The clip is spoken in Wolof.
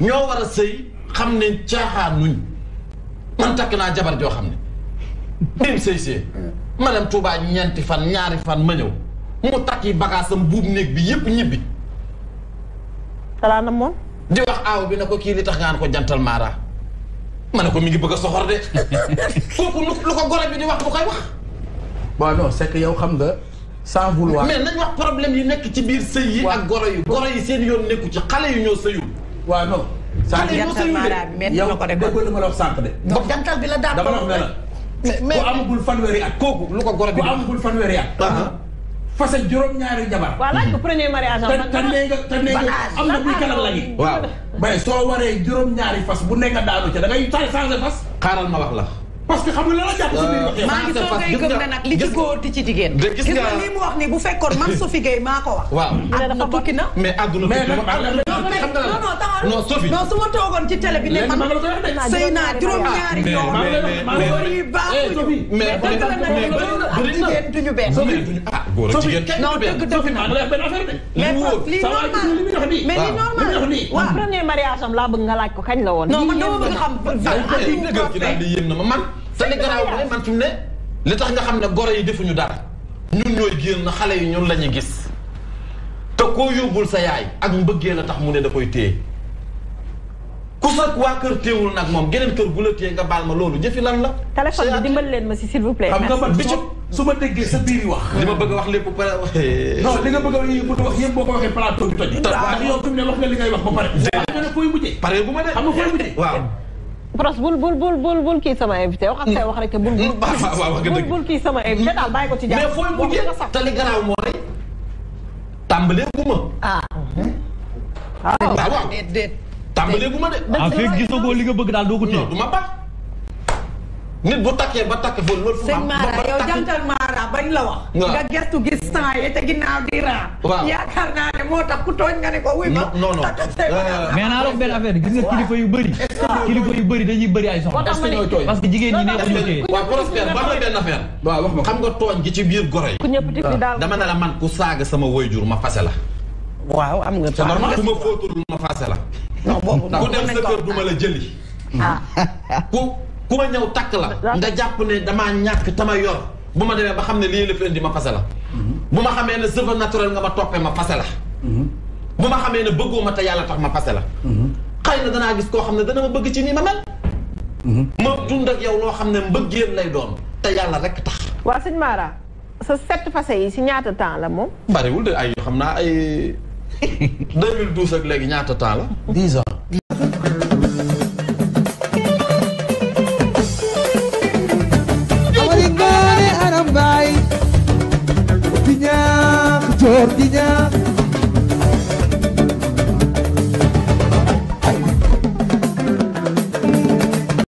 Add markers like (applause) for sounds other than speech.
ñoo war a sëy xam ne caaxaanuñ man takk naa jabar joo xam ne. dim sëy see. ma dem Touba ñeenti fan ñaari fan ma ñëw. mu takki bagasam buub néeg bi yep ñibbi salaam mom di wax aaw bi nako ki li tax nga ko jantal mara ma ko mi ngi bëgg soxor de foku (laughs) lu ko gore bi di wax bu koy wax ba non c'est que yow xam nga sans vouloir mais nañ wax problème yi nek ci biir sey yi ak goro yu goro yi seen yoon neeku ci xalé yu ñoo seyul wa non sa yu ñoo sëyul de yow déggoo li ma la wax sànq de jantal bi la daa dama la wax ne la mais ko amul fanweeri ak koku lu ko goro bi ku amagul fanweeri at fase juróom-ñaari jabar. waaw laaj ko premier mariage am. te nee nga te nee nga am na buy kanam la gi. waaw mais soo waree juróom-ñaari fas bu ne nga daanu ca da ngay changé fas. xaaral ma wax la. parce que xam nga la la jàpp si biir euh, maa ngi soog a gëm ne nag li ci góor di ci jigéen. gis nga li mu wax ni bu fekkoon man Sophie Gueye maa ko wax. waaw àdduna tukki na mais àdduna tukki na non Sophie non su ma toogoon ci télé bi ne man sëy naa juróom-ñaari yoon. mais mais eh, mais mais ah góor ak jigéen non dëgg dëgg na mais lii ah. normal mais lii normal waaw premier mariage am laa bëgg nga laaj ko kañ la woon. non man dama bëgg xam. Ah, yéen na ma man. Sénégal man fi mu ne li tax nga xam ne goro yi defuñu dara ñun ñooy génn xale yi ñun la ñuy gis. te koo yóbbul sa yaay ak mbëggee la tax mu ne da koy téye ku sa waa kër téewul nag moom geneen kër gu la téye nga baal ma loolu jëfi lan la. téléphone bi dimbal leen ma si s'il vous plaît. xam nga man bi ci su ma déggee sa biir wax. li ma bëgg a wax lépp pare (laughs) non li nga bëgg a wax yëpp boo ko waxee plateau bi toj. waaw yow fi mu ne wax nga li ngay wax ba pare. waaw ne fooy mujjee. pare bu ma de xam nga fooy mujjee waaw. Pros bul bul bul bul bul kii sama invité wax ak say wax rek te bul. bul (laughs) bul kii sama invité daal bàyyi ko ci jàmm. mais fooy mujjee te li garaaw mooy tàmbalee gu ma. ah. ah waaw déet déet. tàmbalee gu ma de. dëgg la ah, waaw li nga bëgg daal doo ko téye. du ma baax. nit bu takke ba takke fo lol fu ma ba yow jantal Mara bañ la wax. nga gertu gis temps yi te ginnaaw di ra waaw yaakaar ne moo tax ku togn nga ne ko wuy ba non non mais na doon benn affaire gis nga kilifa yu beuri kilifa yu beuri dañuy beuri ay sox parce que toy parce que jigen jigéen ne neexuñu tee. wa prospère ba na ben affaire. wa wax ma xam nga togn gi ci biir goro yi. ku ñëpp tifli daal dama na la man ku saaga sama wayjur ma fasela la. waaw am nga. c'est normal duma fotul ma fasela non bobu ku dem sa kër duma la jëli. Ah. ku bu ma ñëw takk la nga jàpp ne damaa ñàkk tama yor bu ma demee ba xam ne lii la fi indi ma fase la bu ma xamee ne cheveux naturel nga ma toppee ma fase la bu ma xamee ne bëggoo ma te yàlla tax ma fase la xëy na danaa gis koo xam ne dana ma bëgg ci nii ma mel ma dund ak yow loo xam ne mbëggeel lay doon te yàlla rek tax waa sëñ Mara sa sept fase yi si ñaata temps la moom bariwul de ay xam naa ay 2012 (laughs) ak léegi ñaata temps la dix